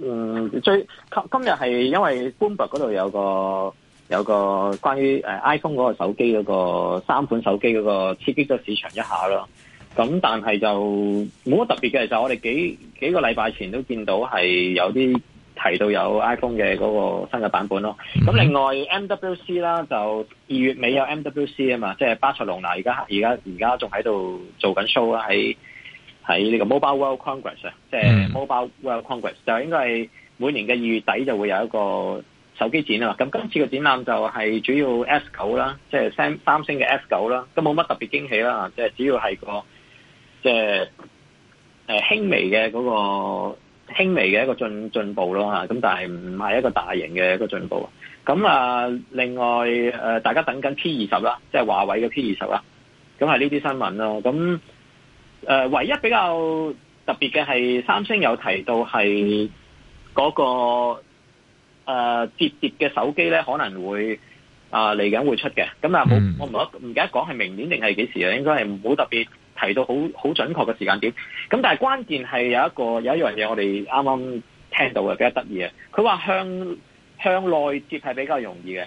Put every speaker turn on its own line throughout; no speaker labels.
嗯，最今今日係因為 Bloomberg 嗰度有個有個關於誒、呃、iPhone 嗰個手機嗰、那個三款手機嗰個刺激咗市場一下咯，咁但係就冇乜特別嘅，就是、我哋幾幾個禮拜前都見到係有啲提到有 iPhone 嘅嗰個新嘅版本咯，咁另外 MWC 啦就二月尾有 MWC 啊嘛，即、就、係、是、巴塞隆拿而家而家而家仲喺度做緊 show 啦喺。喺呢個 Mobile World Congress 啊，即係 Mobile World Congress 就應該係每年嘅二月底就會有一個手機展啊嘛。咁今次嘅展覽就係主要 S 九啦，即係三三星嘅 S 九啦，都冇乜特別驚喜啦。即係主要係個即係誒輕微嘅嗰個輕微嘅一個進進步咯吓。咁但係唔係一個大型嘅一個進步。咁啊，另外誒，大家等緊 P 二十啦，即係華為嘅 P 二十啦。咁係呢啲新聞咯。咁。誒、呃，唯一比較特別嘅係三星有提到係嗰、那個誒摺疊嘅手機咧，可能會啊嚟緊會出嘅。咁啊，冇我唔記記得講係明年定係幾時啊？應該係唔好特別提到好好準確嘅時間點。咁但係關鍵係有一個有一樣嘢，我哋啱啱聽到嘅比較得意嘅，佢話向向內折係比較容易嘅，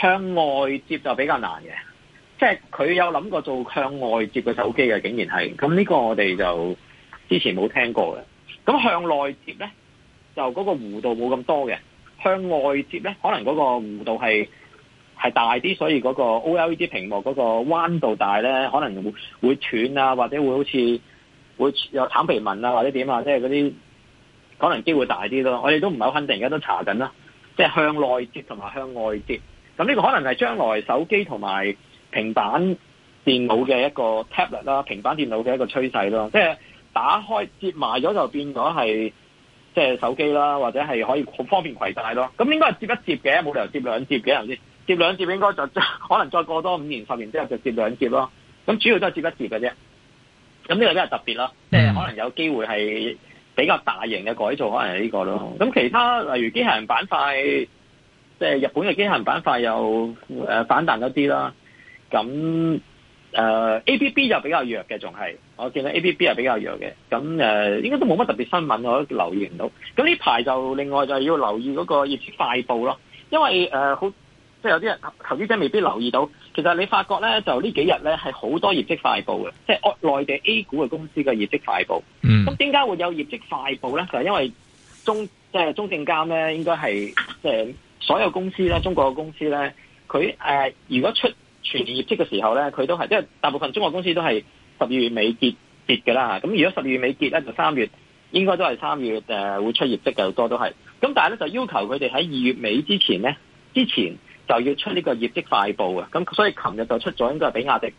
向外折就比較難嘅。即係佢有諗過做向外接嘅手機嘅，竟然係咁呢個，我哋就之前冇聽過嘅。咁向內接咧，就嗰個弧度冇咁多嘅；向外接咧，可能嗰個弧度係係大啲，所以嗰個 OLED 屏幕嗰個彎度大咧，可能會會斷啊，或者會好似會有橙皮紋啊，或者點啊，即係嗰啲可能機會大啲咯。我哋都唔係好肯定，而家都在查緊啦，即係向內接同埋向外接。咁呢個可能係將來手機同埋。平板電腦嘅一個 tablet 啦，平板電腦嘅一個趨勢咯，即係打開接埋咗就變咗係即係手機啦，或者係可以好方便攜帶咯。咁應該係接一接嘅，冇理由接兩接嘅先。接兩接應該就可能再過多五年十年之後就接兩接咯。咁主要都係接一接嘅啫。咁呢個比較特別啦，即係可能有機會係比較大型嘅改造，可能係呢個咯。咁其他例如機械人板塊，即係日本嘅機械人板塊又誒反彈一啲啦。咁誒 A B B 就比較弱嘅，仲係我見到 A B B 係比較弱嘅。咁誒、呃、應該都冇乜特別新聞，我都留意唔到。咁呢排就另外就要留意嗰個業績快報咯，因為誒、呃、好即係有啲人投資者未必留意到。其實你發覺咧，就呢幾日咧係好多業績快報嘅，即係內地 A 股嘅公司嘅業績快報。咁點解會有業績快報咧？就係、是、因為中即係、就是、中證監咧，應該係誒所有公司咧，中國嘅公司咧，佢誒、呃、如果出全年業績嘅時候咧，佢都係，即係大部分中國公司都係十二月尾結結㗎啦。咁如果十二月尾結咧，就三月應該都係三月誒、呃、會出業績嘅，好多都係。咁但係咧就要求佢哋喺二月尾之前咧，之前就要出呢個業績快報嘅。咁所以琴日就出咗應該係比亞迪、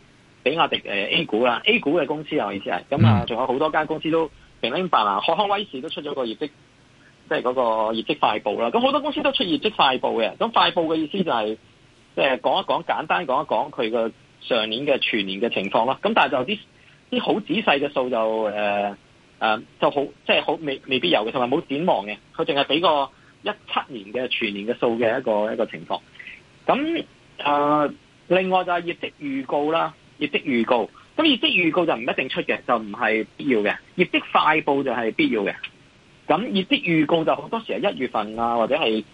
比亞迪、呃、A 股啦，A 股嘅公司啊，我意思係。咁啊，仲有好多間公司都平零、嗯、白啦，康威士都出咗個業績，即係嗰個業績快報啦。咁好多公司都出業績快報嘅。咁快報嘅意思就係、是。即係講一講，簡單講一講佢個上年嘅全年嘅情況啦。咁但係就啲啲好仔細嘅數就誒誒、呃、就好，即係好未未必有嘅，同埋冇展望嘅。佢淨係俾個一七年嘅全年嘅數嘅一個一個情況。咁誒、呃，另外就係業績預告啦，業績預告。咁業績預告就唔一定出嘅，就唔係必要嘅。業績快報就係必要嘅。咁業績預告就好多時係一月份啊，或者係。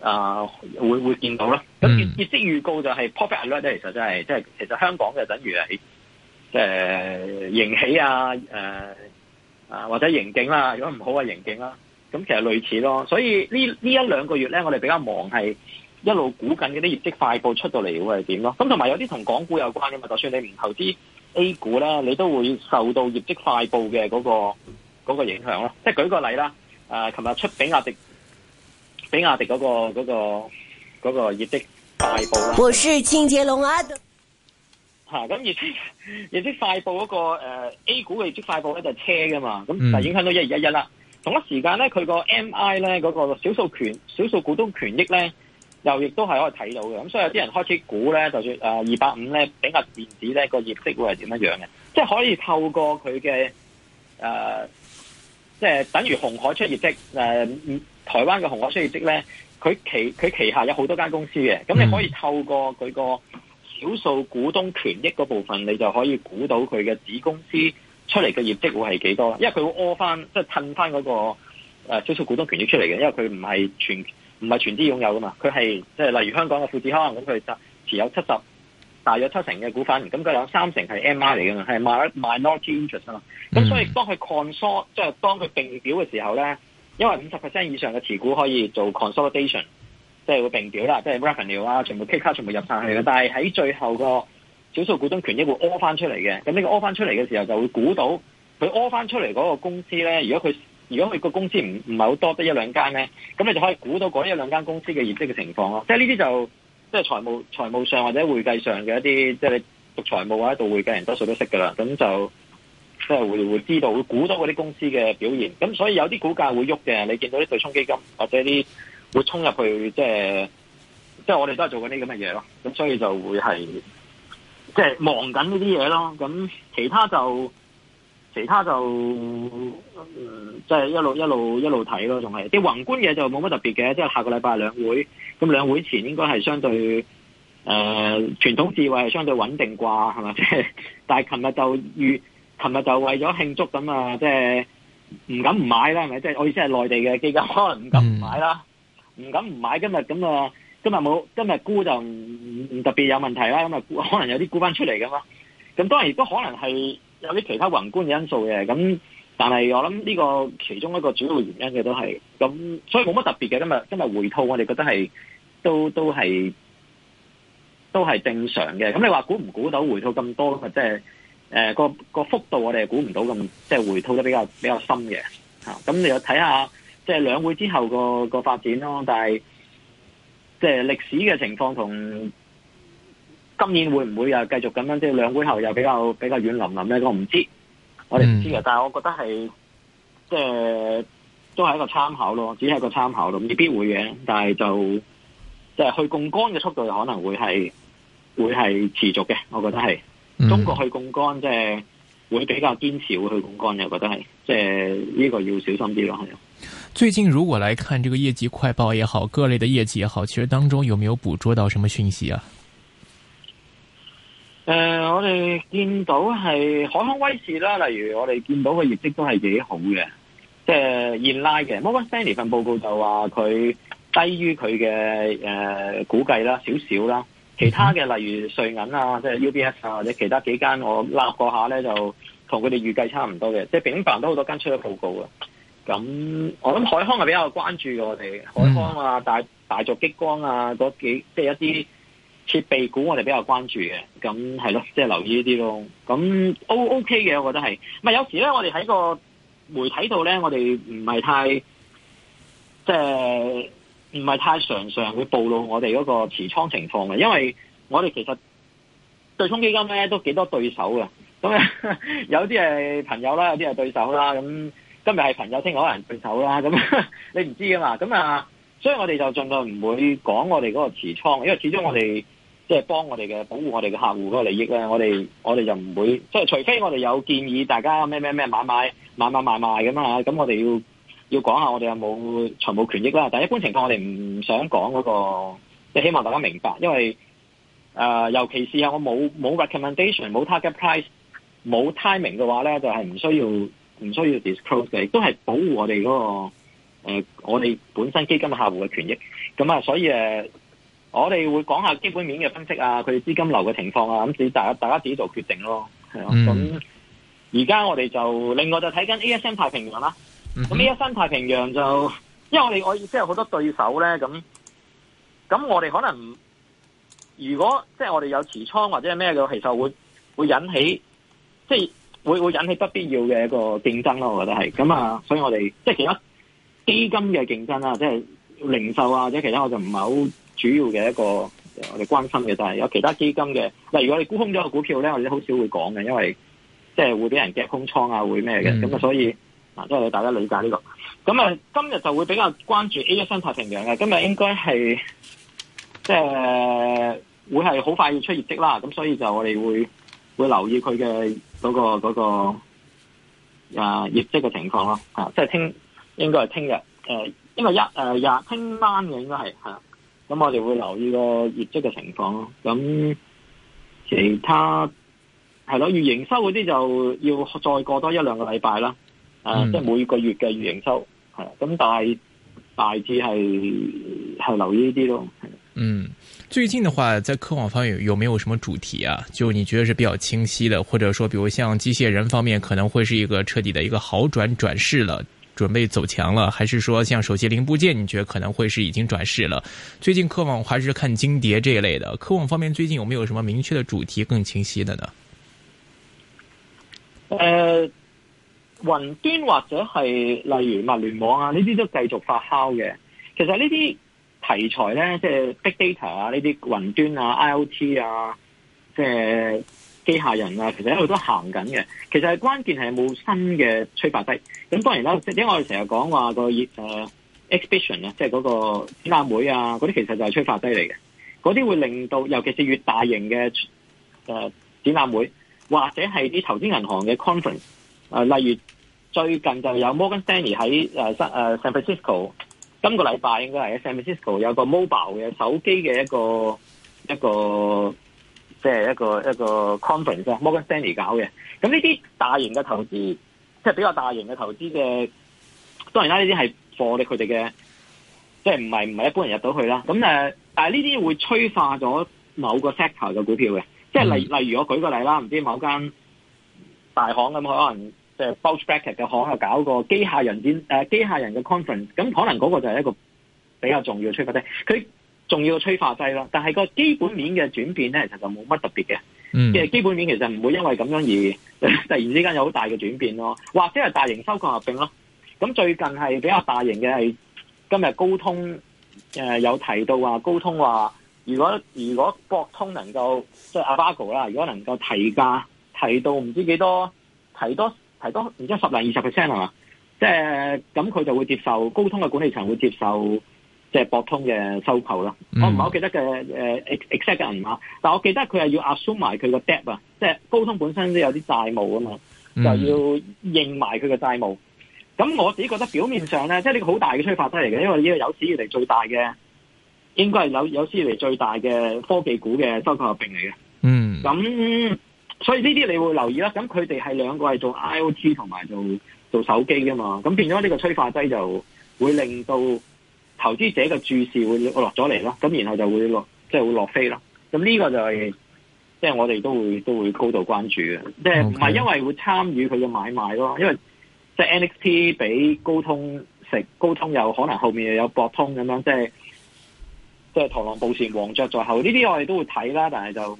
啊、呃，會會見到咯。咁業業績預告就係 profit alert 其實、就是、即係即係，其實香港嘅等於係誒盈喜啊，誒、呃、啊或者盈警啦，如果唔好啊盈警啦，咁其實類似咯。所以呢呢一兩個月咧，我哋比較忙係一路估緊嗰啲業績快報出到嚟會係點咯。咁同埋有啲同港股有關嘅嘛，就算你唔投資 A 股啦，你都會受到業績快報嘅嗰個嗰、那個影響咯。即係舉個例啦，誒、呃，琴日出比亞迪。比亞迪嗰個嗰個嗰個業績快報啦。我是清潔龍啊！吓，咁業績業績快報嗰個誒 A 股嘅業績快報咧就係車噶嘛，咁就影響到一二一一啦。同一時間咧，佢個 MI 咧嗰個少數權、少數股東權益咧，又亦都係可以睇到嘅。咁所以有啲人開始估咧，就算誒二百五咧，比亞電子咧，個業績會係點樣樣嘅？即係可以透過佢嘅誒，即係等於紅海出業績誒。台灣嘅鴻海嘅業績咧，佢旗佢旗下有好多間公司嘅，咁你可以透過佢個少數股東權益嗰部分，你就可以估到佢嘅子公司出嚟嘅業績會係幾多啦，因為佢會屙翻即係褪翻嗰個少數股東權益出嚟嘅，因為佢唔係全唔係全資擁有噶嘛，佢係即係例如香港嘅富士康咁，佢持持有七十大約七成嘅股份，咁佢有三成係 M R 嚟嘅，係賣賣 minority interest 啊，咁所以當佢 consort 即係當佢並表嘅時候咧。因為五十 percent 以上嘅持股可以做 consolidation，即係會並表啦，即係 revenue 啊，全部 take part 全部入晒去嘅。但係喺最後個少數股東權益會屙翻出嚟嘅。咁呢個屙翻出嚟嘅時候，就會估到佢屙翻出嚟嗰個公司咧。如果佢如果佢個公司唔唔係好多得一兩間咧，咁你就可以估到嗰一兩間公司嘅業績嘅情況咯。即係呢啲就即係財務財務上或者會計上嘅一啲，即係讀財務啊讀會計嘅人多數都識噶啦。咁就。即係會會知道會估到嗰啲公司嘅表現，咁所以有啲股價會喐嘅。你見到啲對沖基金或者啲會沖入去，即係即係我哋都係做緊呢啲咁嘅嘢咯。咁所以就會係即係忙緊呢啲嘢咯。咁其他就其他就即係、呃就是、一路一路一路睇咯，仲係啲宏觀嘢就冇乜特別嘅。即係下個禮拜兩會，咁兩會前應該係相對誒、呃、傳統智慧係相對穩定啩，係咪？即係但係琴日就預。琴日就為咗慶祝咁啊，即係唔敢唔買啦，係咪？即係我意思係內地嘅基金可能唔敢唔買啦，唔、嗯、敢唔買。今日咁啊，今日冇今日沽就唔特別有問題啦。咁啊，可能有啲沽翻出嚟嘅嘛。咁當然亦都可能係有啲其他宏觀嘅因素嘅。咁但係我諗呢個其中一個主要原因嘅都係咁，所以冇乜特別嘅。今日今日回吐我哋覺得係都都係都係正常嘅。咁你話估唔估到回吐咁多咪即係？誒、呃，個個幅度我哋估唔到咁，即係回吐得比較比較深嘅吓。咁、嗯、你又睇下，即係兩會之後個個發展咯。但係即係歷史嘅情況同今年會唔會又繼續咁樣？即係兩會後又比較比較軟淋淋咧？我唔知，我哋唔知嘅。嗯、但係我覺得係即係都係一個參考咯，只係一個參考咯，未必會嘅。但係就即係、就是、去槓杆嘅速度，可能會係會係持續嘅。我覺得係。嗯、中國去槓桿即係會比較堅持，會去槓桿，我覺得係即係呢個要小心啲咯，係最
近如果來看這個業績快報也好，各類的業績也好，其實當中有沒有捕捉到什麼訊息啊？
誒、呃，我哋見到係海康威視啦，例如我哋見到嘅業績都係幾好嘅，即係 in line 嘅。Morgan Stanley 份報告就話佢低於佢嘅誒估計啦，少少啦。其他嘅例如瑞銀啊，即係 UBS 啊，或者其他幾間我納過下咧，就同佢哋預計差唔多嘅，即係丙發都好多間出咗報告啊。咁我諗海康係比較關注嘅我哋海康啊、大大族激光啊嗰幾，即係一啲設備股我哋比較關注嘅。咁係咯，即係、就是、留意呢啲咯。咁 O OK 嘅，我覺得係。咪有時咧，我哋喺個媒體度咧，我哋唔係太即係。唔係太常常會暴露我哋嗰個持倉情況嘅，因為我哋其實對沖基金咧都幾多對手㗎。咁有啲係朋友啦，有啲係對手啦，咁今日係朋友，聽日可能對手啦，咁你唔知㗎嘛，咁啊，所以我哋就盡量唔會講我哋嗰個持倉，因為始終我哋即係幫我哋嘅保護我哋嘅客戶嗰個利益咧，我哋我哋就唔會，即係除非我哋有建議大家咩咩咩買買買買買買咁啊，咁我哋要。要講下我哋有冇財務權益啦，但一般情況我哋唔想講嗰、那個，即希望大家明白，因為誒、呃、尤其是啊，我冇冇 recommendation、冇 target price、冇 timing 嘅話咧，就係、是、唔需要唔需要 disclose 嘅，都係保護我哋嗰、那個、呃、我哋本身基金客戶嘅權益。咁啊，所以誒、呃、我哋會講下基本面嘅分析啊，佢資金流嘅情況啊，咁自己大家大家自己做決定咯，係啊。咁而家我哋就另外就睇緊 ASM 太平洋啦。咁呢、嗯、一生太平洋就，因為我哋我即係好多對手咧，咁咁我哋可能如果即係我哋有持倉或者係咩嘅，其實會會引起即係會會引起不必要嘅一個競爭咯，我覺得係。咁啊，所以我哋即係其他基金嘅競爭啊，即係零售啊，或者其他我就唔係好主要嘅一個我哋關心嘅，就係有其他基金嘅。嗱，如果你沽空咗個股票咧，我哋好少會講嘅，因為即係會俾人夾空倉啊，會咩嘅，咁啊、嗯，所以。即係大家理解呢、這個，咁啊，今日就會比較關注 A 一新太平洋嘅，今日應該係即係會係好快要出業績啦，咁所以就我哋會會留意佢嘅嗰個嗰、那個、那個、啊業績嘅情況咯，啊，即係聽應該係聽日，誒、呃，因為一誒廿聽晚嘅應該係吓，咁、啊、我哋會留意個業績嘅情況咯，咁其他係咯，預營收嗰啲就要再過多一兩個禮拜啦。啊，即係每個月嘅月營收係咁、嗯、但係大，大致係係留意呢啲
咯。嗯，最近的話，在科網方面有沒有什麼主題啊？就你覺得是比較清晰的，或者說，比如像機械人方面可能會是一個徹底的一個好轉轉勢了，準備走強了，還是說像手機零部件，你覺得可能會是已經轉勢了？最近科網還是看金蝶這一類的。科網方面最近有沒有什麼明確的主題更清晰的呢？呃
雲端或者係例如物聯網啊，呢啲都繼續發酵嘅。其實呢啲題材咧，即係 big data 啊，呢啲雲端啊，IOT 啊，即係機械人啊，其實一路都行緊嘅。其實係關鍵係冇新嘅催化劑。咁當然啦，即因為我哋成日講話個誒、uh, exhibition 啊，即係嗰個展覽會啊，嗰啲其實就係催化劑嚟嘅。嗰啲會令到，尤其是越大型嘅誒、uh, 展覽會，或者係啲投資銀行嘅 conference。啊，例如最近就有 Morgan Stanley 喺 San San Francisco，今個禮拜應該係 San Francisco 有個 mobile 嘅手機嘅一個一個，即係一個、就是、一個 conference 啊，Morgan Stanley 搞嘅。咁呢啲大型嘅投資，即係比較大型嘅投資嘅，當然啦，呢啲係貨力佢哋嘅，即係唔係唔係一般人入到去啦。咁但係呢啲會催化咗某個 sector 嘅股票嘅，即係例、嗯、例如我舉個例啦，唔知某間大行咁可能。即係 Bulge Bracket 嘅學校搞個機械人展、呃，機械人嘅 conference，咁可能嗰個就係一個比較重要嘅催化劑。佢重要嘅催化劑啦，但係個基本面嘅轉變咧，其實就冇乜特別嘅。嘅、嗯、基本面其實唔會因為咁樣而突然之間有好大嘅轉變咯，或者係大型收購合併咯。咁最近係比較大型嘅係今日高通、呃、有提到話，高通話如果如果博通能夠即係 Avago 啦，如果能夠提價提到唔知幾多提多。係多，然之後十零二十 percent 係嘛，即係咁佢就會接受高通嘅管理層會接受即係博通嘅收購啦。嗯、我唔係好記得嘅誒、呃、exact 嘅銀碼，但係我記得佢係要 assume 埋佢個 debt 啊，即係高通本身都有啲債務啊嘛，嗯、就要認埋佢嘅債務。咁我自己覺得表面上咧，嗯、即係呢個好大嘅催化劑嚟嘅，因為呢個有史以嚟最大嘅，應該係有有史以嚟最大嘅科技股嘅收購合併嚟嘅。
嗯，
咁。所以呢啲你會留意啦，咁佢哋係兩個係做 IOT 同埋做做手機噶嘛，咁變咗呢個催化劑就會令到投資者嘅注視會落咗嚟咯，咁然後就會落即係、即係、會落飛咯，咁呢個就係即係我哋都會都會高度關注嘅，即係唔係因為會參與佢嘅買賣咯，因為即係 NXT 俾高通食，高通又可能後面又有博通咁樣，即係即係螳螂捕蟬黃雀在後，呢啲我哋都會睇啦，但係就。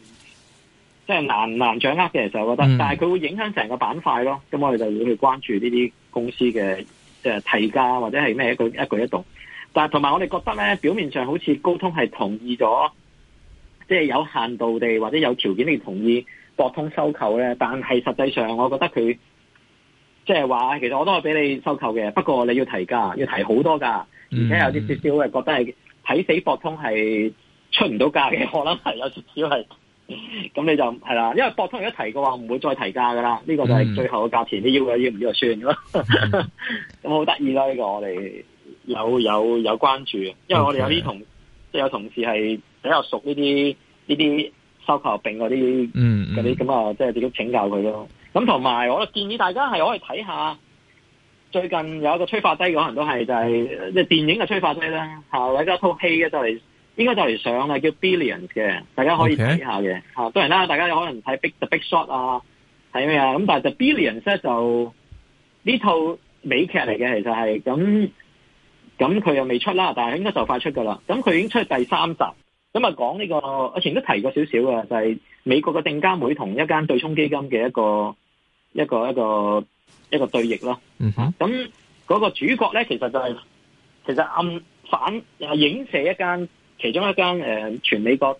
即係難難掌握嘅，就我覺得，但係佢會影響成個板塊咯。咁我哋就會去關注呢啲公司嘅即係提價或者係咩一個一舉一動。但係同埋我哋覺得咧，表面上好似高通係同意咗，即係有限度地或者有條件地同意博通收購咧，但係實際上我覺得佢即係話，其實我都係俾你收購嘅，不過你要提價，要提好多㗎，而且有啲少少係覺得係睇死博通係出唔到價嘅。我諗係有少少係。咁你就係啦，因為博通一提嘅話，唔會再提價噶啦。呢、呢個就係最後嘅價錢，你、嗯、要就要，唔要就算啦。咁好得意啦，呢、 呢個我哋有有有關注，因為我哋有啲同即係、嗯、有同事係比較熟呢啲呢啲收購併嗰啲嗰啲，咁啊即係點樣、就是、請教佢咯。咁同埋我建議大家係可以睇下最近有一個催化劑，可能都係就係即係電影嘅催化劑啦，或、就、者、是、一套戲嘅就係應該就嚟上啦，叫 Billions 嘅，大家可以睇下嘅吓 Okay.、啊。當然啦，大家有可能睇 Big the Big Shot 啊，睇咩啊咁，但係 Bill、啊、就 Billions 咧就呢套美劇嚟嘅，其實係咁咁佢又未出啦，但係應該就快出噶啦。咁、嗯、佢已經出第三集，咁啊講呢個我前都提過少少嘅，就係、是、美國嘅證監會同一間對沖基金嘅一個一個一個一個對弈咯。咁嗰、mm hmm. 嗯嗰個主角咧其實就係、是、其實暗反影射一間。其中一間誒、呃，全美國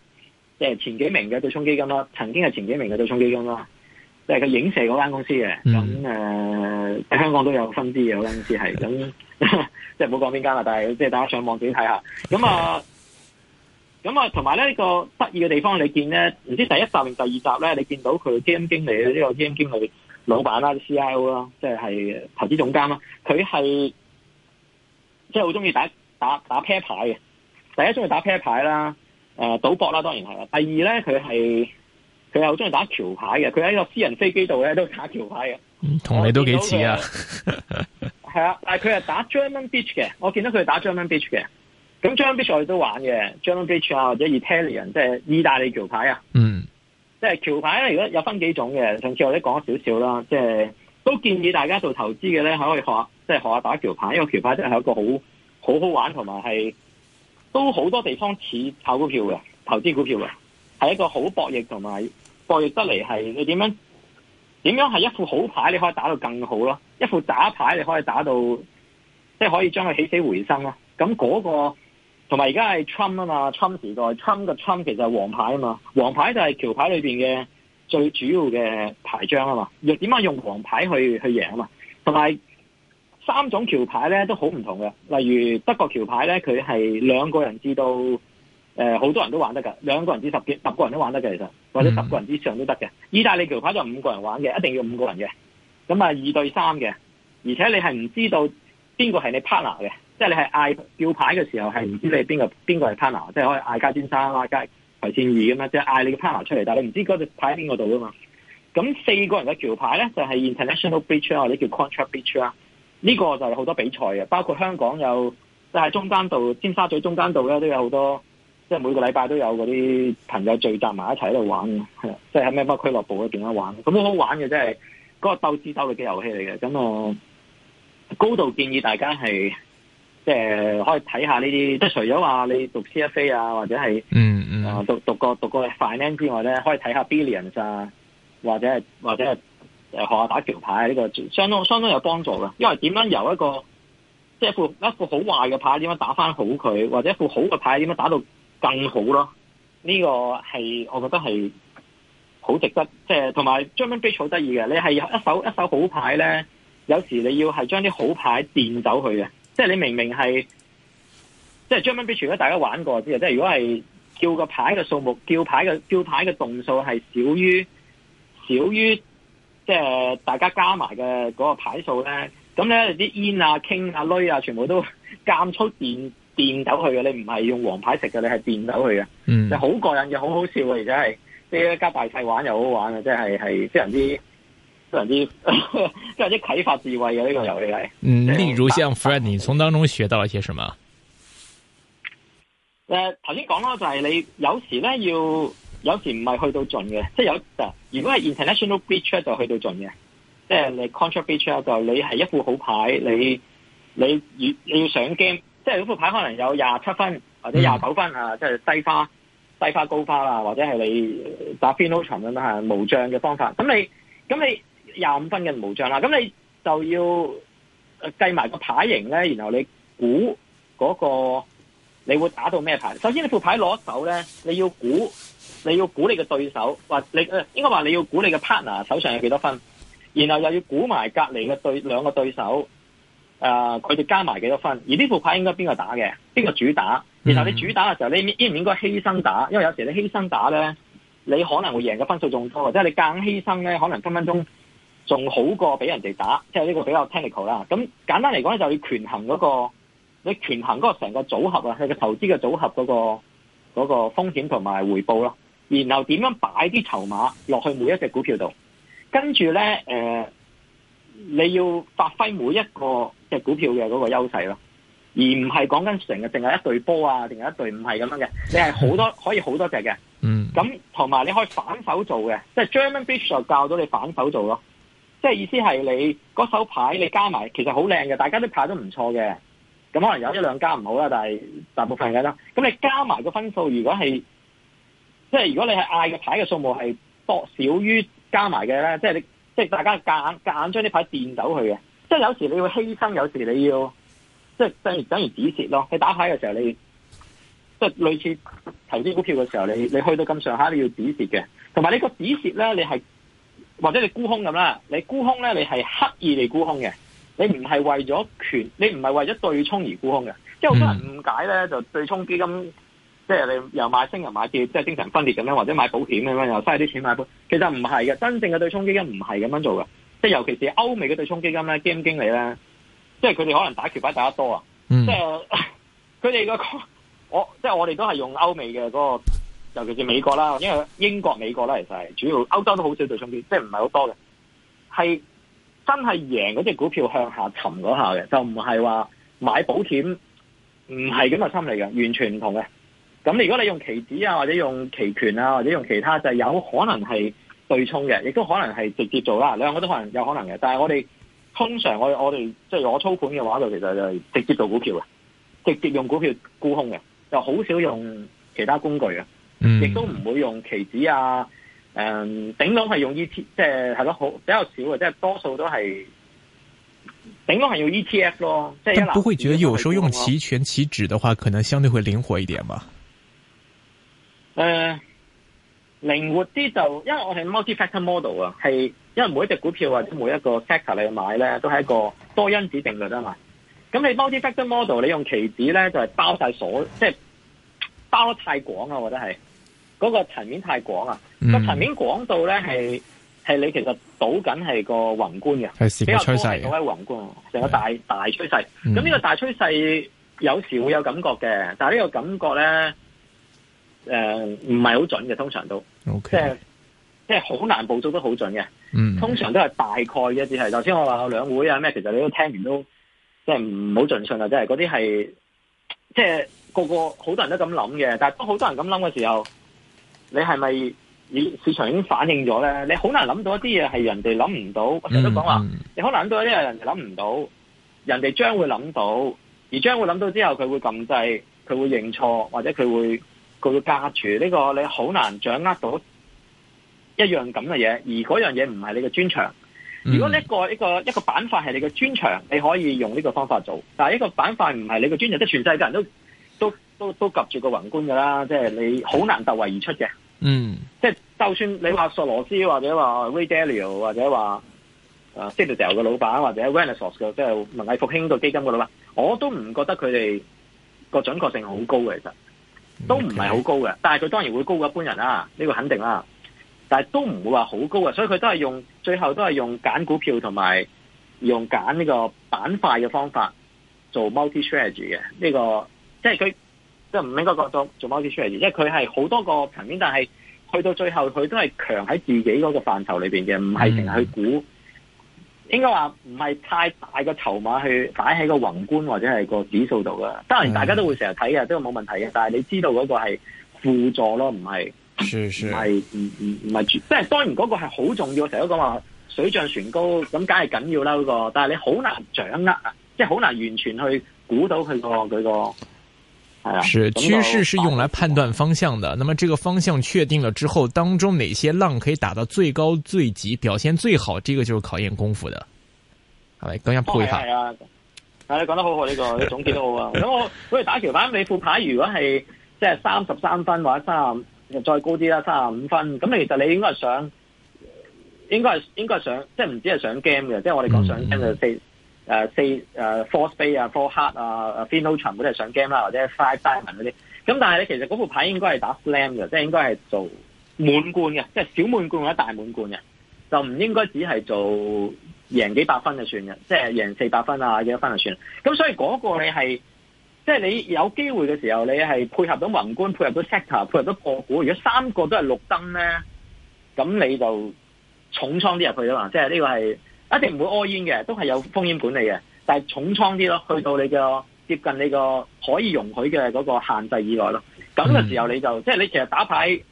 即係、呃、前幾名嘅對沖基金啦，曾經係前幾名嘅對沖基金啦，即係佢影射嗰間公司嘅。咁誒、mm hmm. 呃，香港都有分支嘅嗰間公司係咁，即係唔好講邊間啦。但係即係大家上網自己睇下。咁啊，咁啊，同埋咧呢、呢個得意嘅地方，你見咧唔知第一集定第二集咧，你見到佢基金經理呢、呢個基金經理老闆啦，C I O 啦，即係投資總監啦，佢係即係好中意打打打啤牌嘅。第一中意打啤牌啦，誒、呃、賭博啦，當然係啦。第二咧，佢係佢又好中意打橋牌嘅。佢喺個私人飛機度咧都打橋牌嘅。
同你都幾似啊？
係啊， 但係佢係打 German Beach 嘅。我見到佢係打 German Beach 嘅。咁 German Beach 我哋都玩嘅、嗯、German Beach 啊，或者 Italian 即係意大利橋牌啊。嗯。即係橋牌咧，如果有分幾種嘅，上次我哋講咗少少啦。即係都建議大家做投資嘅咧，可以學下即係學下打橋牌，因為橋牌真係係一個好好好玩同埋係。而且是都好多地方似炒股票嘅，投資股票嘅，係一個好博弈同埋博弈得嚟係你點樣，點樣係一副好牌，你可以打到更好咯，一副打牌，你可以打到即係可以將佢起死回生咯。咁嗰、那個同埋而家係 Trump 啊嘛，Trump 時代，Trump 嘅 Trump 其實係王牌啊嘛，王牌就係橋牌裏面嘅最主要嘅牌張啊嘛，又點樣用王牌去去贏啊嘛，同埋。三種橋牌咧都好唔同嘅，例如德國橋牌咧，佢係兩個人至到誒好、呃、多人都玩得噶，兩個人至十幾十個人都玩得嘅其實，或者十個人之上都得嘅。意大利橋牌就五個人玩嘅，一定要五個人嘅，咁啊二對三嘅，而且你係唔知道邊個係你 partner 嘅，即係你係嗌叫牌嘅時候係唔知道你邊個邊個係 partner，、嗯、即係可以嗌加尖三啦、加排尖二咁樣，即係嗌你 partner 出嚟，但你唔知嗰對牌喺邊個度啊嘛。咁四個人嘅橋牌咧就係、是、international bridge 或者叫 contract bridge。呢個就係好多比賽嘅，包括香港有，就喺、是、中間道，尖沙咀中間道咧、就是、都有好多，即係每個禮拜都有嗰啲朋友聚集埋一齊喺度玩嘅，即係喺咩乜俱樂部啊點樣玩，咁都好玩嘅，即係嗰個鬥智鬥力嘅遊戲嚟嘅，咁啊高度建議大家係即係可以睇下呢啲，即係除咗話你讀 CFA 啊或者係嗯嗯啊讀讀過讀過 Finance 之外咧，可以睇下 Billions 啊或者係或者係。誒，學下打橋牌呢，這個相當相當有幫助嘅，因為點樣由一個即係、就是、一副一副好壞嘅牌，點樣打返好佢，或者一副好嘅牌，點樣打到更好咯？呢，這個係我覺得係好值得，即係同埋 jumping bridge 好得意嘅。你係一手一手好牌咧，有時你要係將啲好牌墊走佢嘅，即、就、係、是、你明明係即係 jumping bridge，如果大家玩過啲啊，即係如果係叫個牌嘅數目，叫牌嘅叫牌嘅墩數係少於少於。即係大家加埋嘅嗰個牌數咧，咁咧啲煙啊、傾啊、鐳啊，全部都監出墊墊到去嘅。你唔係用王牌食嘅，你係墊到去嘅。嗯，好過癮嘅，好好笑嘅，而家係即一家大細玩又好玩啊。即係係非常之非常之非常之啟發智慧嘅、這個、呢個遊戲嚟。
嗯，例如像 Fred，你從當中學到一些什麼？
誒、呃，頭先講咯，就係你有時咧要。有時唔係去到盡嘅，即係有，嗱，如果係 international feature 就去到盡嘅，即係你 contract feature 就你係一副好牌，你你，你要要上 game，即係嗰副牌可能有廿七分或者廿九分啊，即係低花、低花、高花啊，或者係、嗯、你打 final table 係無將嘅方法。咁你咁你廿五分嘅無將啦，咁你就要計埋個牌型咧，然後你估嗰個你會打到咩牌。首先，你副牌攞手咧，你要估。你要估你嘅對手，或你誒，應該話你要估你嘅 partner 手上有幾多分，然後又要估埋隔籬嘅對兩個對手，誒、呃，佢哋加埋幾多分？而呢副牌應該邊個打嘅？邊個主打？然後你主打嘅時候，你應唔應該犧牲打？因為有時你犧牲打咧，你可能會贏嘅分數仲多。即係你更犧牲咧，可能分分鐘仲好過俾人哋打。即係呢個比較 technical 啦。咁簡單嚟講咧，就要權衡嗰個，你權衡嗰個成個組合啊，你嘅投資嘅組合嗰個嗰個風險同埋回報咯。然後點樣擺啲籌碼落去每一隻股票度？跟住咧，誒、呃，你要發揮每一個隻股票嘅嗰個優勢咯，而唔係講緊成日淨係一對波啊，定係一對唔係咁樣嘅。你係好多可以好多隻嘅，嗯。咁同埋你可以反手做嘅，即係 German Bishop 就教到你反手做咯。即係意思係你嗰手牌你加埋，其實好靚嘅，大家都牌都唔錯嘅。咁可能有一兩家唔好啦，但係大部分人啦。咁你加埋個分數，如果係。即係如果你係嗌嘅牌嘅數目係多少於加埋嘅咧，即係你即係大家夾硬夾硬將啲牌墊走去嘅。即係有時你會犧牲，有時你要即係等如等如止蝕咯。你打牌嘅時候你，你即係類似投資股票嘅時候，你你去到咁上下你要止蝕嘅。同埋你個止蝕咧，你係或者你沽空咁啦，你沽空咧，你係刻意地沽空嘅，你唔係為咗權，你唔係為咗對沖而沽空嘅。即係好多人誤解咧，就對沖基金。即係你又買升又買跌，即係精神分裂咁樣，或者買保險咁樣又嘥啲錢買保，其實唔係嘅，真正嘅對沖基金唔係咁樣做嘅，即係尤其是歐美嘅對沖基金咧，基金經理咧，即係佢哋可能打橋牌打得多啊、嗯，即係佢哋嘅我即係我哋都係用歐美嘅嗰、那個，尤其是美國啦，因為英國、美國啦，其實係主要歐洲都好少對沖基金，即係唔係好多嘅，係真係贏嗰隻股票向下沉嗰下嘅，就唔係話買保險，唔係咁嘅心理嘅，完全唔同嘅。咁如果你用期指啊，或者用期權啊，或者用其他，就有可能係對沖嘅，亦都可能係直接做啦。兩個都可能有可能嘅，但係我哋通常我我哋即係攞操盤嘅話，就其實就直接做股票嘅，直接用股票沽空嘅，就好少用其他工具、嗯、啊。亦都唔會用期指啊，誒，頂籠係用 E T 即係係咯，好比較少嘅，即、就、係、是、多數都係頂籠係用 E T F 咯。但不會覺得有時候用期
權期指嘅話，可能相對會靈活一點嘛
誒，靈、呃、活啲就，因為我係 multi factor model 啊，係因為每一隻股票或者每一個 factor 你去買咧，都係一個多因子定律啊嘛。咁你 multi factor model，你用期指咧就係、是、包晒所，即係包得太廣啊，我覺得係嗰個層面太廣啊。個層、嗯、面廣到咧係係你其實賭緊係個宏觀嘅，係市場趨勢嗰個宏觀，成個大的大趨勢。咁呢、嗯、個大趨勢有時會有感覺嘅，但係呢個感覺咧。誒，唔係好準嘅，通常都是很 Okay. 即是，即係即係好難捕捉得好準嘅。Mm hmm. 通常都係大概嘅，只係頭先我話我兩會啊咩，其實你都聽完都，即係唔好盡信啦。即係嗰啲係，即係個個好多人都咁諗嘅，但係當好多人咁諗嘅時候，你係咪市場已經反映咗咧？你好難諗到一啲嘢係人哋諗唔到，或者都講話，你好難諗到一啲嘢人哋諗唔到，人哋將會諗到，而將會諗到之後佢會撳掣，佢會認錯或者佢會。佢要架住呢個，你好難掌握到一樣咁嘅嘢，而嗰樣嘢唔係你嘅專長。如果、這個、一個一個一個板塊係你嘅專長，你可以用呢個方法做。但係一個板塊唔係你嘅專長，即係全世界人都都都都及住個宏觀噶啦，即係你好難突圍而出嘅。嗯， 即係就算你話索羅斯或者話 Ray Dalio 或者話誒 Citadel 嘅老闆或者 Vanessos 嘅即係文藝復興個基金嘅老闆，我都唔覺得佢哋個準確性好高嘅，其實。都唔係好高嘅，但係佢當然會高過一般人啦，呢個肯定啦。但係都唔會話好高嘅，所以佢都係用最後都係用揀股票同埋用揀呢個板塊嘅方法做 multi strategy 嘅呢個，即係佢即係唔應該講做做 multi strategy，因為佢係好多個層面，但係去到最後佢都係強喺自己嗰個範疇裏邊嘅，唔係淨係去估。應該話唔係太大個籌碼去擺喺個宏觀或者係個指數度嘅。當然大家都會成日睇嘅，都冇問題嘅。但係你知道嗰個係輔助咯，唔係唔係唔唔唔係主。即係當然嗰個係好重要，成日都講話水漲船高，咁梗係緊要啦嗰個。但係你好難掌握啊，即係好難完全去估到佢個佢個。
是，趨勢是用來判斷方向的。那麼這個方向確定了之後，當中哪些浪可以打到最高最急，表現最好，這個就是考驗功夫的。剛哦啊啊、好，咪講下配合。係啊，係你
講得好好，呢個總結得好啊。咁我喂，打橋牌你副牌，如果係即係三十三分或者三十，再高啲啦，三十五分，咁其實你應該係想，應該係應該係想，即係唔止係想 game 嘅，嗯、即係我哋講想誒、呃、四誒、呃、four spade 啊 four heart 啊 final trump 都係上 game 啦、啊，或者 five diamond 嗰啲。咁但係咧，其實嗰副牌應該係打 slam 嘅，即、就、係、是、應該係做滿貫嘅，即、就、係、是、小滿貫或者大滿貫嘅，就唔應該只係做贏幾百分就算嘅，即係贏四百分啊幾多分就算。咁所以嗰個你係即係你有機會嘅時候，你係配合到宏觀，配合到 sector，配合到個股。如果三個都係綠燈咧，咁你就重倉啲入去啦。即係呢個係。一定唔會 all in 嘅，都係有風險管理嘅，但係重倉啲咯，去到你個接近你個可以容許嘅嗰個限制以外咯。咁嘅時候你就即係你其實打牌，即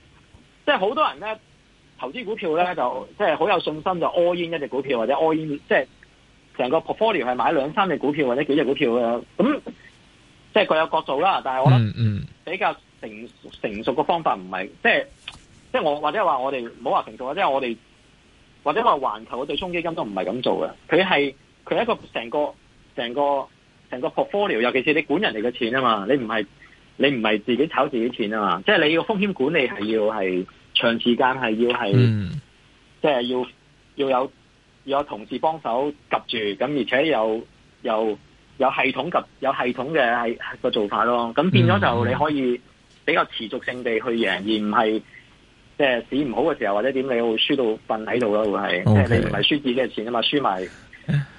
係好多人咧投資股票咧就即係好有信心就 all in 一隻股票或者 all in 即係成個 portfolio 係買兩三隻股票或者幾隻股票嘅，咁即係各有各做啦。但係我覺得比較成熟成熟嘅方法唔係即係即係我或者話我哋唔好話成熟或即係我哋。或者話環球嘅對沖基金都唔係咁做嘅，佢係佢係一個成個成個成個 portfolio，尤其是你管人哋嘅錢啊嘛，你唔係你唔係自己炒自己的錢啊嘛，即係你要風險管理係要係長時間係要係，即係、嗯、要要有要有同事幫手及住，咁而且又又有，有系統及有系統嘅係個做法咯，咁變咗就你可以比較持續性地去贏，而唔係。即係市唔好嘅時候或者點，你會輸到瞓喺度咯，會係。即係 Okay. 你唔係輸自己嘅錢啊嘛，輸埋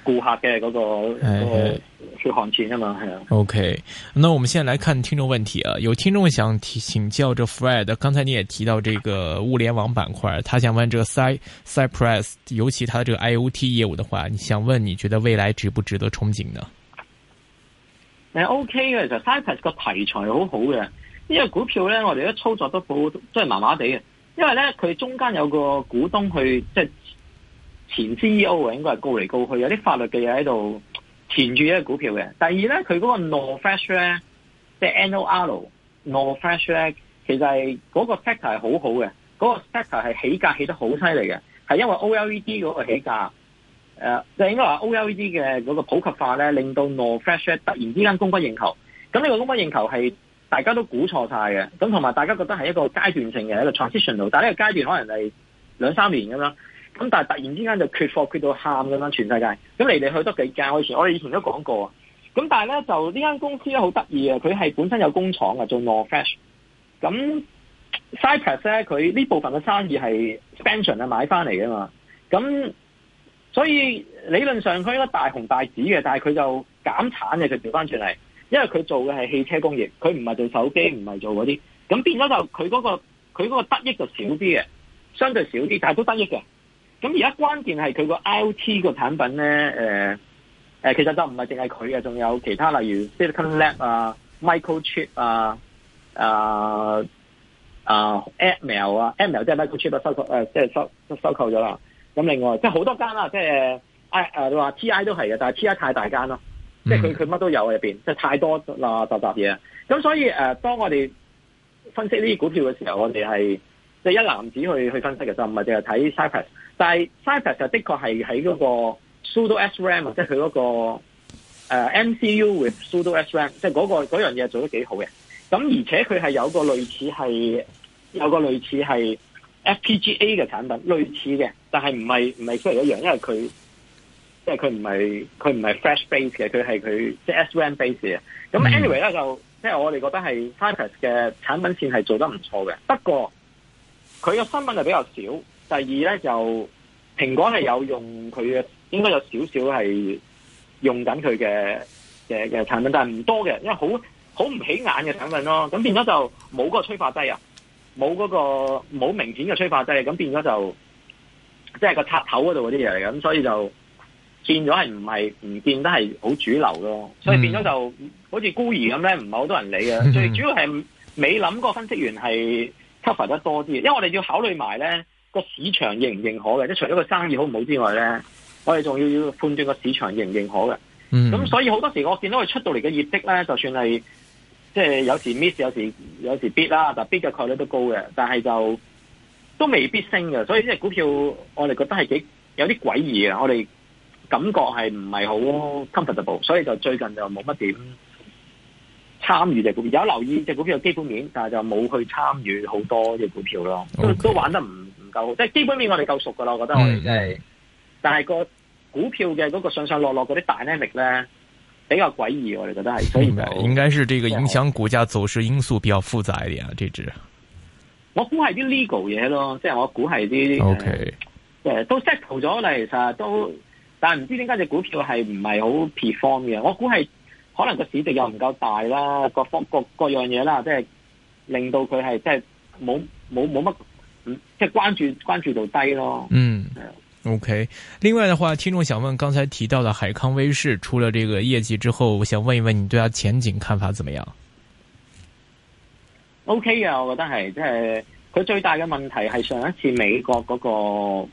顧客嘅嗰、那個 個
血汗錢啊嘛係。O、okay. K，那我們現在來看聽眾問題啊，有聽眾想提請教，這 Fred，剛才你也提到這個物聯網板塊，他想問這 c Cypress，尤其他嘅這個 I O T 業務的話，你想問你覺得未來值不值得憧憬
呢？O K 嘅，其實 Cypress、okay, 個題材好好嘅，呢、這個股票咧我哋一操作都好，即係麻麻地嘅。因為咧，佢中間有個股東去即係前 C E O 啊，應該係告嚟告去，有啲法律嘅嘢喺度纏住一個股票嘅。第二咧，佢嗰個 NOR Flash 咧，即係 N O R Flash 咧，其實係嗰個 sector 係好好嘅，嗰個 sector 係起價起得好犀利嘅，係因為 O L E D 嗰個起價，誒、呃，即係應該話 O L E D 嘅嗰個普及化咧，令到 NOR Flash 咧突然之間供不應求，咁呢個供不應求係。大家都估錯曬嘅，咁同埋大家覺得係一個階段性嘅一個 transitional。但係呢個階段可能係兩三年咁啦。咁但係突然之間就缺貨缺到喊咁樣。全世界咁嚟嚟去都幾驚。我以前我哋以前都講過啊。咁但係咧就呢間公司咧好得意啊，佢係本身有工廠啊，做 NOR flash，咁 Cypress 咧，佢呢部分嘅生意係 Spansion 啊買翻嚟㗎嘛。咁所以理論上佢一個大紅大紫嘅，但係佢就減產嘅就調翻轉嚟。因為佢做嘅係汽車工業，佢唔係做手機，唔係做嗰啲，咁變咗就佢嗰個佢嗰個得益就少啲嘅，相對少啲，但係都得益嘅。咁而家關鍵係佢個 IOT 個產品咧、呃呃，其實就唔係淨係佢嘅，仲有其他，例如 Silicon Lab 啊、Microchip 啊、呃呃、啊啊 Atmel 啊，Atmel 即係 Microchip 收購，即係收收購咗啦。咁另外即係好多間啦，即係呃呃、你話 TI 都係嘅，但係 TI 太大間咯。 即係佢佢乜都有入邊，即係太多啦雜雜嘢。咁所以誒、呃，當我哋分析呢啲股票嘅時候，我哋係即係一籃子去去分析嘅，不是就唔係淨係睇 Cypress。但係 Cypress 就的確係喺嗰個 pseudo SRAM 即係佢嗰個誒 MCU with pseudo S, SRAM 即係嗰，那個嗰樣嘢做得幾好嘅。咁而且佢係有個類似係有個類似係 FPGA 嘅產品，類似嘅，但係唔係唔係出嚟一樣，因為佢。因係→佢唔係佢唔係 Flash base 嘅，佢係佢即 S One base 嘅。咁 anyway 咧就，即係我哋覺得係 Type s 嘅產品線係做得唔錯嘅。不過佢嘅新聞就比較少。第二咧就，蘋果係有用佢嘅，應該有少少係用緊佢嘅嘅嘅產品，但係唔多嘅，因為好好唔起眼嘅產品咯。咁變咗就冇嗰個催化劑啊，冇嗰、嗰個冇、嗰個、明顯嘅催化劑，咁變咗就即係、就是、個插頭嗰度嗰啲嘢嚟咁，所以就。變咗係唔係唔見得係好主流咯，所以變咗就好似孤兒咁咧，唔係好多人理嘅。最主要係未諗個分析員係 cover 得多啲，因為我哋要考慮埋咧個市場認唔認可嘅，即除咗個生意好唔好之外咧，我哋仲要要判斷個市場認唔認可嘅。咁所以好多時我見到佢出到嚟嘅業績咧，就算係即係有時 miss，有時有時 bid 啦，但 bid 嘅概率都高嘅，但係就都未必升嘅。所以呢隻股票我哋覺得係幾有啲詭異嘅，我哋。感覺係唔係好 comfortable，所以就最近就冇乜點參與隻股票，有留意隻股票嘅基本面，但係就冇去參與好多隻股票咯。Okay. 都玩得唔唔夠好，即係基本面我哋夠熟噶啦，我覺得我哋真係。嗯、但係個股票嘅嗰個上上落落嗰啲彈力咧，比較詭異我哋覺得係。應該應
該係呢個影響股價走勢因素比較複雜一點啊，就是、呢隻支。
我估係啲 legal 嘢咯，即係我估係啲，o 誒都 settle 咗，其實都。但唔知點解隻股票係唔係好 perform 嘅？我估係可能個市值又唔夠大啦，各方各各樣嘢啦，即係令到佢係即係冇冇冇乜即係關注關注度低咯。
嗯，OK。另外嘅話，聽眾想問，剛才提到嘅海康威視出了呢個業績之後，我想問一問你對它前景看法怎麼
樣？OK 嘅，我覺得係即係佢最大嘅問題係上一次美國嗰個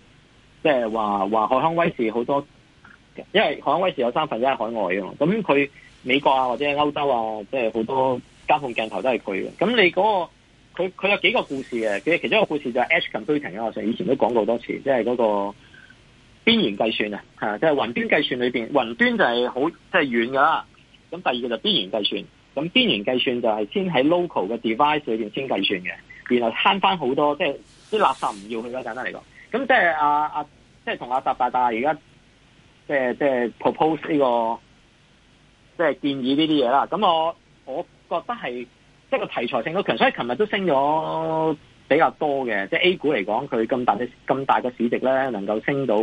即係話話海康威視好多。因為海康威視有三分一喺海外嘅嘛，咁佢美國啊或者歐洲啊，即係好多監控鏡頭都係佢嘅。咁你嗰、嗰個佢佢有幾個故事嘅，其佢其中一個故事就係 Edge Computing 啊，我成以前都講過好多次，即係嗰個邊緣計算啊，即係雲端計算裏邊，雲端就係好即係遠嘅啦。咁第二就係邊緣計算，咁邊緣計算就係先喺 local 嘅 device 裏邊先計算嘅，然後慳翻好多，即係啲垃圾唔要去咯簡單嚟講。咁、啊啊、即係阿阿即係同阿達大大而家。即係即係 propose 呢、這個即係、就是、建議呢啲嘢啦，咁我我覺得係即係個題材性都強，所以琴日都升咗比較多嘅。即、就、係、是、A 股嚟講，佢咁大嘅咁大嘅市值咧，能夠升到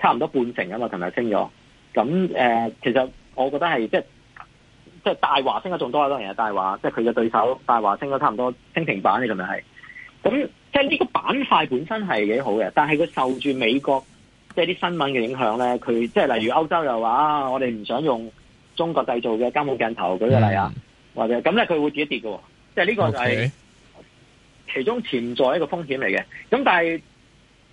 差唔多半成啊嘛，琴日升咗。咁誒、呃，其實我覺得係即係即係大華升咗仲多咯，當然係大華即係佢嘅對手，大華升咗差唔多升停板嘅咁樣係。咁即係呢個板塊本身係幾好嘅，但係佢受住美國即啲新聞嘅影響咧，佢即係例如歐洲又話我哋唔想用中國製造嘅監控鏡頭，舉個例啊。嗯、或者咁咧佢會自己跌嘅，即係呢個就係其中潛在一個風險嚟嘅。咁但係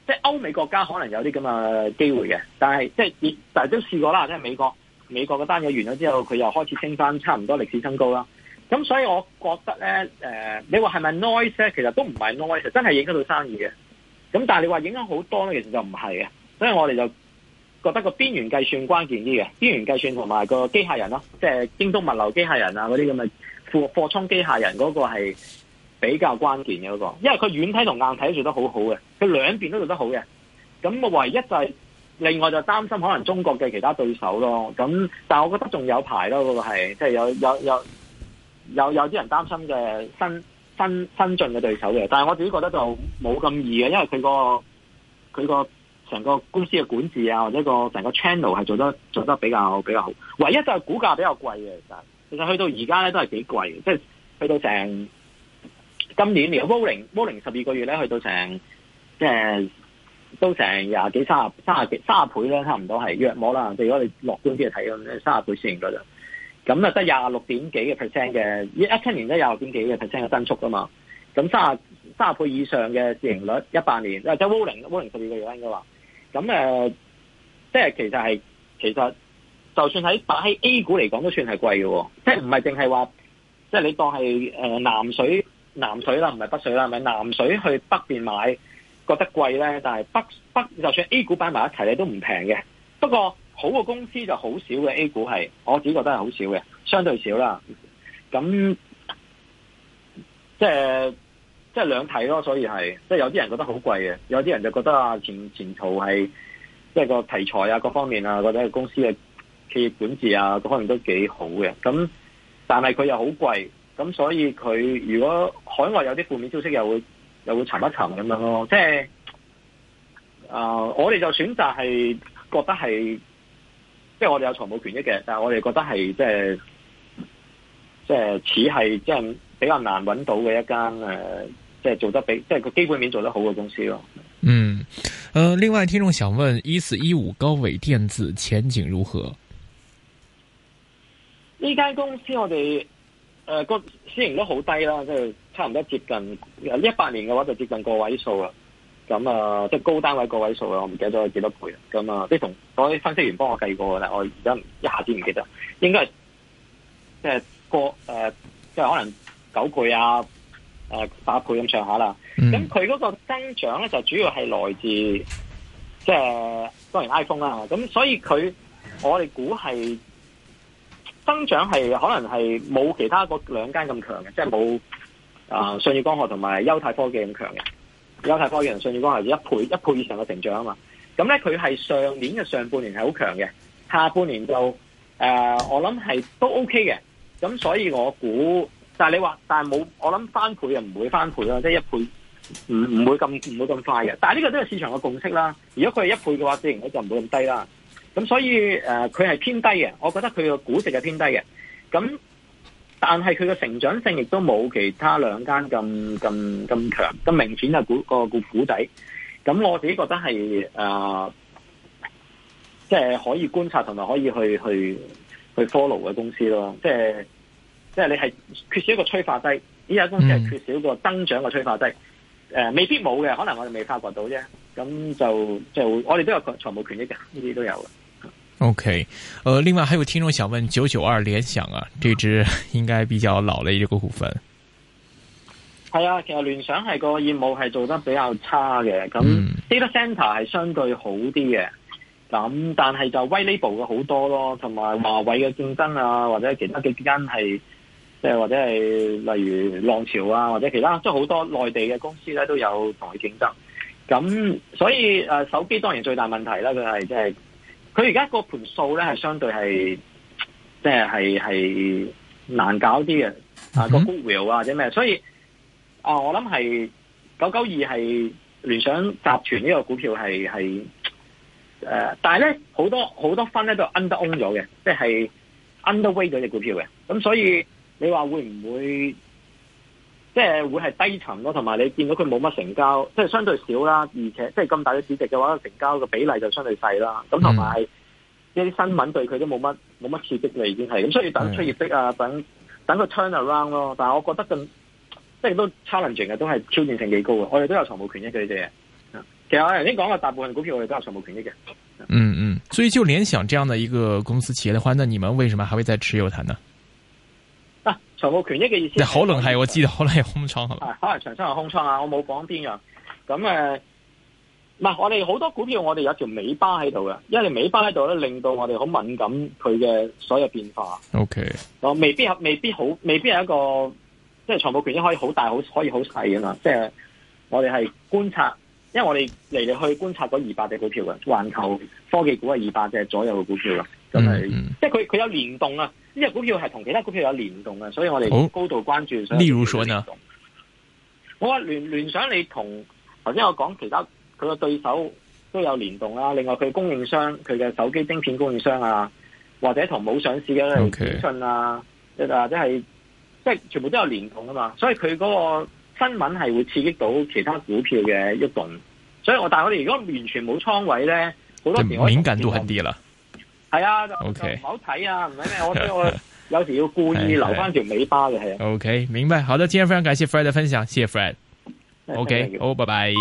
即係歐美國家可能有啲咁嘅機會嘅，但係即係亦但係都試過啦，即係美國美國嘅單嘢完咗之後，佢又開始升翻差唔多歷史新高啦。咁所以我覺得咧，誒、呃、你話係咪 noise 呢？其實都唔係 noise，真係影響到生意嘅。咁但係你話影響好多咧，其實就唔係嘅。所以我哋就覺得個邊緣計算關鍵啲嘅，邊緣計算同埋個機械人咯，即係京東物流機械人啊嗰啲咁嘅貨貨倉機械人嗰個係比較關鍵嘅嗰個，因為佢軟體同硬體做得好好嘅，佢兩邊都做得好嘅。咁我唯一就係另外就擔心可能中國嘅其他對手咯。咁但係我覺得仲有排咯，嗰個係即係有有有有有啲人擔心嘅新新新進嘅對手嘅啊。但係我自己覺得就冇咁易嘅啊，因為佢個佢個。成個公司嘅管治啊，或者整個成個 channel 係做得做得比較比較好，唯一就係股價比較貴嘅。其實其實去到而家咧都係幾貴嘅，即係去到成今年年 rolling rolling 十二個月咧去到成即係都成廿幾三廿三廿倍咧，差唔多係約摸啦。就如果你樂觀啲嚟睇，咁三十倍市盈率咁，啊得廿六點幾嘅 percent 嘅一七年咧廿六點幾嘅 percent 嘅增速啊嘛。咁三十倍以上嘅市盈率，一八年即係 rolling rolling 十二個月應該話。咁誒、呃哦，即係其實係其實，就算喺擺喺 A 股嚟講都算係貴嘅，即係唔係淨係話，即係你當係誒南水南水啦，唔係北水啦，係咪南水去北邊買覺得貴咧？但係北北就算 A 股擺埋一齊咧都唔平嘅。不過好嘅公司就好少嘅 A 股係，我自己覺得係好少嘅，相對少啦。咁即係。即係兩睇咯，所以係即係有啲人覺得好貴嘅，有啲人就覺得啊前前途係即係個題材啊各方面啊，或者係公司嘅企業管治啊，各方面都幾好嘅。咁但係佢又好貴，咁所以佢如果海外有啲負面消息，又會又會沉一沉咁樣咯。即係啊、呃，我哋就選擇係覺得係即係我哋有財務權益嘅，但係我哋覺得係即係即係似係即係比較難揾到嘅一間誒。呃即係做得比，即係個基本面做得好嘅公司咯。嗯，
誒、呃，另外聽眾想問：一四一五高偉電子前景如何？
呢間公司我哋誒個市盈率好低啦，即、就、係、是、差唔多接近一八年嘅話就接近個位數啦。咁、嗯、啊，即、呃、係、就是、高單位個位數啊，我唔記得咗係幾多倍咁啊？即啲同嗰啲分析員幫我計過啦，我而家一下子唔記得，應該係即係個誒，即、就、係、是呃、可能九倍啊。誒，八、呃、倍咁上下啦，咁佢嗰個增長咧就主要係來自，即係當然 iPhone 啦，咁所以佢我哋估係增長係可能係冇其他嗰兩間咁強嘅，即係冇啊信義光學同埋優泰科技咁強嘅。優泰科技同信義光學一倍一倍以上嘅成長啊嘛，咁咧佢係上年嘅上半年係好強嘅，下半年就誒、呃、我諗係都 OK 嘅，咁所以我估。但係你話，但係冇，我諗翻倍又唔會翻倍咯，即係一倍，唔唔會咁，唔會咁快嘅。但係呢個都係市場嘅共識啦。如果佢係一倍嘅話，自然佢就唔會咁低啦。咁所以誒，佢係偏低嘅。我覺得佢個估值係偏低嘅。咁但係佢嘅成長性亦都冇其他兩間咁咁咁強、咁明顯嘅股個股股仔。咁我自己覺得係誒，即係可以觀察同埋可以去去去 follow 嘅公司咯。即係。即係你係缺少一個催化劑，呢間公司係缺少個增長嘅催化劑。誒、嗯呃，未必冇嘅，可能我哋未發掘到啫。咁就就我哋都有財務權益嘅，呢啲都有。
OK，誒、呃，另外還有聽眾想問九九二聯想啊，這支應該比較老的一個股份。
係、嗯、啊，其實聯想係個業務係做得比較差嘅，咁 data center 係相對好啲嘅。咁但係就 viable 嘅好多咯，同埋華為嘅競爭啊，或者其他嘅之間係。即係或者係例如浪潮啊，或者其他，即係好多內地嘅公司咧都有同佢競爭。咁所以誒、呃，手機當然最大問題啦，佢係即係佢而家個盤數咧係相對係即係係係難搞啲嘅、mm hmm. 啊個 goodwill 啊或者咩，所以啊、呃，我諗係九九二係聯想集團呢個股票係係誒，但係咧好多好多 fund 咧都 under own 咗嘅，即係 underweight 咗隻股票嘅，咁所以。你話會唔會即係會係低層咯？同埋你見到佢冇乜成交，即係相對少啦。而且即係咁大嘅市值嘅話，成交嘅比例就相對細啦。咁同埋一啲新聞對佢都冇乜冇乜刺激力，已經係咁，所以等出業績啊，等等個 turnaround 咯。但係我覺得咁即係都 challenge 嘅，都係挑戰性幾高嘅。我哋都有財務權益嘅，呢啲嘢，其實我頭先講嘅大部分股票，我哋都有財務權益嘅。嗯
嗯，所以就聯想這樣的一個公司企業的話，那你們為什麼還會再持有它呢？
財務權益嘅意思是，可
能係我知道，可能係空倉，係
可能長倉係空倉啊！我冇講邊樣，咁誒，唔、呃、係我哋好多股票，我哋有條尾巴喺度嘅，因為尾巴喺度咧，令到我哋好敏感佢嘅所有變化。O K，我未必未必好，未必係一個即係財務權益可以好大，好可以好細㗎嘛！即、就、係、是、我哋係觀察，因為我哋嚟嚟去觀察嗰二百隻股票嘅環球科技股係二百隻左右嘅股票噶。咁係，就是嗯、即係佢佢有聯動啊！呢隻股票係同其他股票有聯動嘅，所以我哋高度關注。哦、例如說呢，我話聯聯想，你同頭先我講其他佢嘅對手都有聯動啦、啊。另外佢供應商，佢嘅手機晶片供應商啊，或者同冇上市嘅例如騰訊啊，Okay. 或者係即係全部都有聯動啊嘛。所以佢嗰個新聞係會刺激到其他股票嘅喐動。所以我但係我哋如果完全冇倉位咧，好多時我敏感度很低啦。係啊，就唔好睇啊，唔係咩？我即我有時要故意留翻條
尾巴嘅，係啊 的。OK，明白，好的，今日非常感謝 Fred 嘅分享，謝謝 Fred。
OK，好，
拜拜。